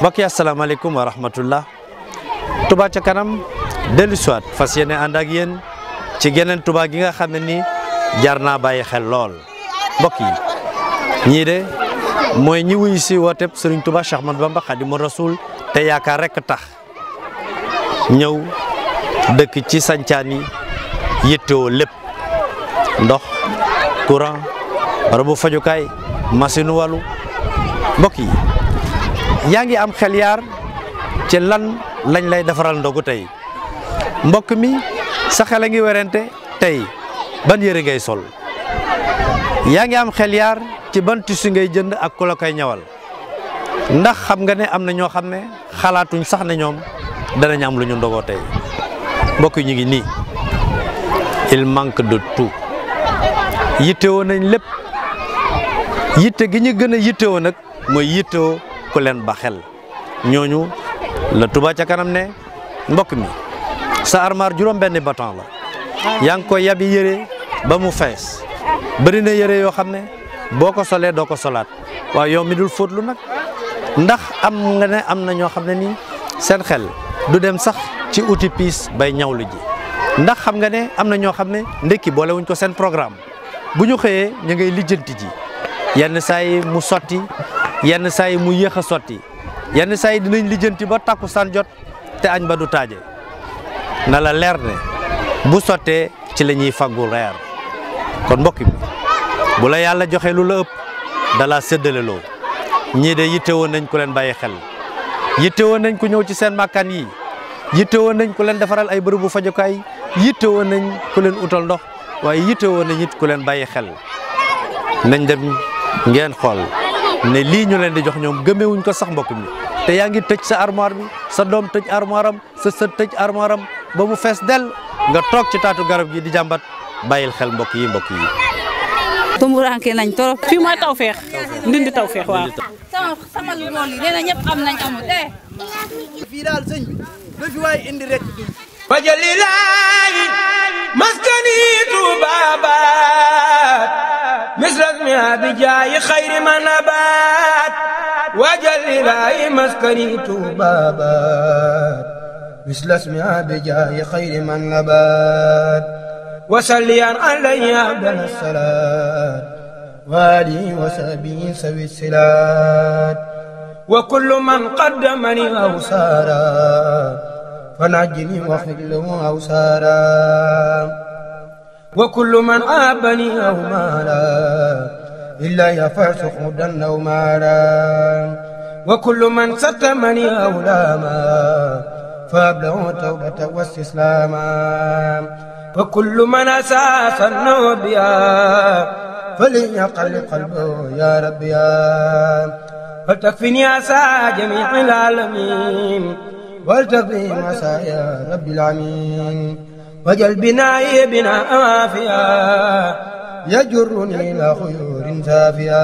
mbokk yi asalaamaaleykum wa rahmatullah Touba ca kanam dellu siwaat fas yéene ànd ak yéen ci geneen Touba gi nga xam ne ni jar naa bàyyi xel lool mbokk yi ñii de mooy ñi wuyu si wooteb Serigne Touba Cheikh Ahmadou Bamba Khadimu Rasul te yaakaar rek tax ñëw dëkk ci sancaan yi yittewoo lépp ndox courant rabu fajukaay masin walu mbokk yi yaa ngi am xel yaar ci lan lañ lay defaral ndogu tey mbokk mi sa xel a ngi werante tey ban yëre ngay sol yaa ngi am xel ci ban tissu ngay jënd ak ku koy ñawal ndax xam nga ne am na ñoo xam ne xalaatuñ sax ne ñoom danañ am lu ñu ndogoo tey mbokk yi ñu ngi nii il manque de tout yittewoo nañ lépp yitte gi ñu gën a yittewoo nag mooy yittewoo ku leen ba xel ñooñu la Touba ca kanam ne mbokk mi sa armoire juróom benn bâton la yaa ngi koy yabi yëre ba mu fees bëri na yëre yoo xam ne boo ko solee doo ko solaat waaye yow mi dul fóotlu nag ndax am nga ne am na ñoo xam ne nii seen xel du dem sax ci outil piis bay ñawlu ji ndax xam nga ne am na ñoo xam ne ndekki boole wuñ ko seen programme bu ñu xëyee ñu ngay lijjanti saa yi mu sotti yenn saa mu yéex a sotti yenn saa dinañ lijjanti ba takku san jot te añ ba du taaje na la leer ne bu sottee ci lañuy ñuy faggu reer kon mbokk bi bu la yàlla joxe lu la ëpp dala séddale loo ñii de yitte woon nañ ku leen bàyyi xel yitte woon nañ ku ñëw ci seen màkkaan yi yitte woon nañ ku leen defaral ay bërëbu fajukaay yitte woon nañ ku leen utal ndox waaye yitte woon nañ it ku leen bàyyi xel nañ dem ngeen xool ne lii ñu leen di jox ñoom gëmewuñ ko sax mbokk mi te yaa ngi tëj sa armoire bi sa doom tëj armoire sa sët tëj armoire ba mu fees dell nga toog ci taatu garab gi di jàmbat bàyyil xel mbokk yi mbokk yi. tumuraanke nañ torop fii mooy tawfeex ndindi tawfeex waaw. sama sama lu lool yi nee na ñëpp am nañ amul eh. misras mi abijaayi xayri man إلهي مسكني بابات مثل اسمها بجاه خير من نبات وسليا علي عبدنا الصلاة والي وسبي سوي السلات وكل من قدمني أو سارا فنجني واخلق له أو سارا وكل من عابني أو مالا إلا يفعل سخودا أو مالا وكل من ستمني أولاما فأبلغ توبة واستسلاما وكل من أساس النوبيا فليقل قلبه يا ربي فلتكفني عسى جميع العالمين ولتقضي عسى يا رب العالمين وجل بنائي بنا أوافيا يجرني إلى خيور سافيا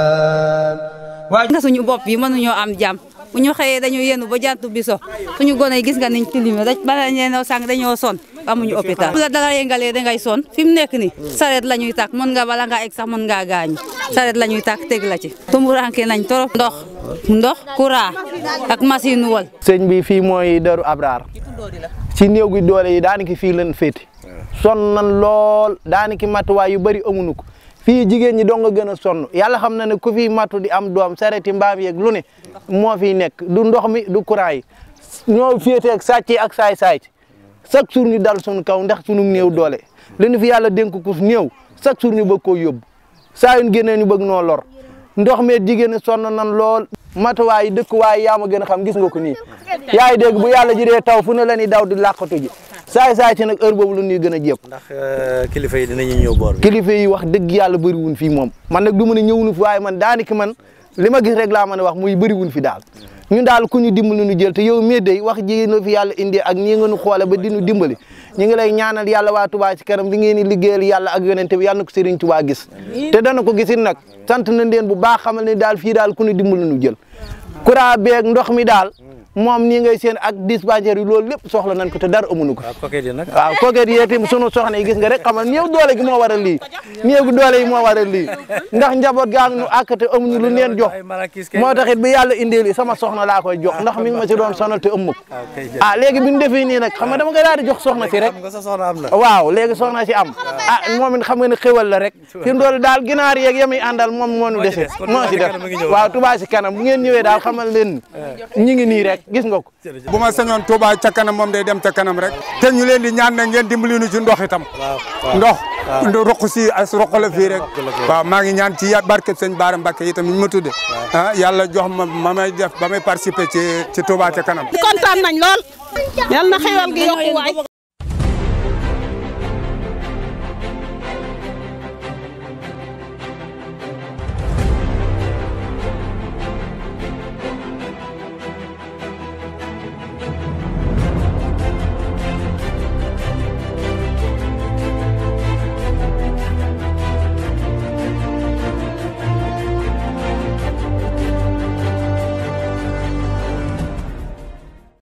waaye nga suñu bopp yi mënuñoo am jàmm bu ñu xëyee dañu yenu ba jant bi so suñu gone gis nga niñ tilimé da bala ñeenoo sàng dañoo son amuñu hôpital bu la dara yëngalee dangay son fi mu nekk ni sareet la ñuy tàkk mën nga bala ngaa egg sax mën ngaa gaañu sareet la ñuy tàkk teg la ci tumburanke nañ torop ndox ndox courant ak machine wol sëñ bi fii mooy Darou Abraar ci néew gi doole yi daanaka fii lañ féete son nan lool daanaka matuwaay yu bëri amuñu ko fii jigéen ñi dong gën a sonn yàlla xam na ne ku fi matu di am doom sareti mbaam yeeg lu ne moo fiy nekk du ndox mi du courant yi ñoo féeteeg sàcc yi ak saay-saay chaque jour dal suñu kaw ndax suñu néew doole li ñu fi yàlla dénk ku néew chaque jour ñu bëgg koo yóbbu saa yu génnee ñu bëgg noo lor ndox mi jigéen ñi sonn nan lool matuwaay dëkkuwaay yaa ma gën a xam gis nga ko nii. yaa ngi dégg bu yàlla ji dee taw fu ne la ñuy daw di làqatu ji. saay saay si nag heure boobu la ñuy gën a jéem. ndax euh, wax dëgg yàlla bëriwul fii moom man nag du ma ne ñëwuñu fi waaye man daanaka man li ma gis rek laa mën a wax muy bëriwul fi daal. ñun daal ku ñu dimbali ñu jël te yow mii day wax ji na fi yàlla indi ak ñii nga ñu xoole ba di ñu ngi lay ñaanal yàlla waa Touba ci kanam li ngeen di liggéeyal yàlla ak yonente bi yàlla na ko Serigne Touba gis. te dana ko gisin nag sant nañ leen bu baax xamal ne daal fii daal ku ñu dimbali ñu jël. courant beeg ndox mi daal moom nii ngay seen ak dispensaire yi loolu lépp soxla nañ ko te dara amuñu ko waaw coket yi itam sunu soxna yi gis nga rek xamal néew doole gi moo waral lii doole yi moo waral lii ndax njaboot gaa ngi nu àkkate amuñu lu leen jox moo taxit bi yàlla indee sama soxna laa koy jox ndax mi ngi ma si doon sonal te ëmmuk a ah, ah, léegi bi ñu defee nii nag xam nga dama nga daal di jox soxna si rek waaw léegi soxna si am ah moom it xam nga ne xéwal la rek fi mu daal ginaar yeeg yamuy àndal moom moo nu dese moo si def waaw Touba si kanam bu ngeen ñëwee daal xamal leen ñi ngi nii rek gis nga ko. bu ma sañoon Touba ca moom day dem ca kanam rek. te ñu leen di ñaan na ngeen dimbali nu ci ndox itam. ndox roq si as roq la fii rek. waaw maa ngi ñaan ci barke sëñ Baara Mbacke itam ñu ma de ah yàlla jox ma ma may def ba may participer ci ci Touba ca kanam. kontaan nañ lool. yàlla na xewal gi yokku waay.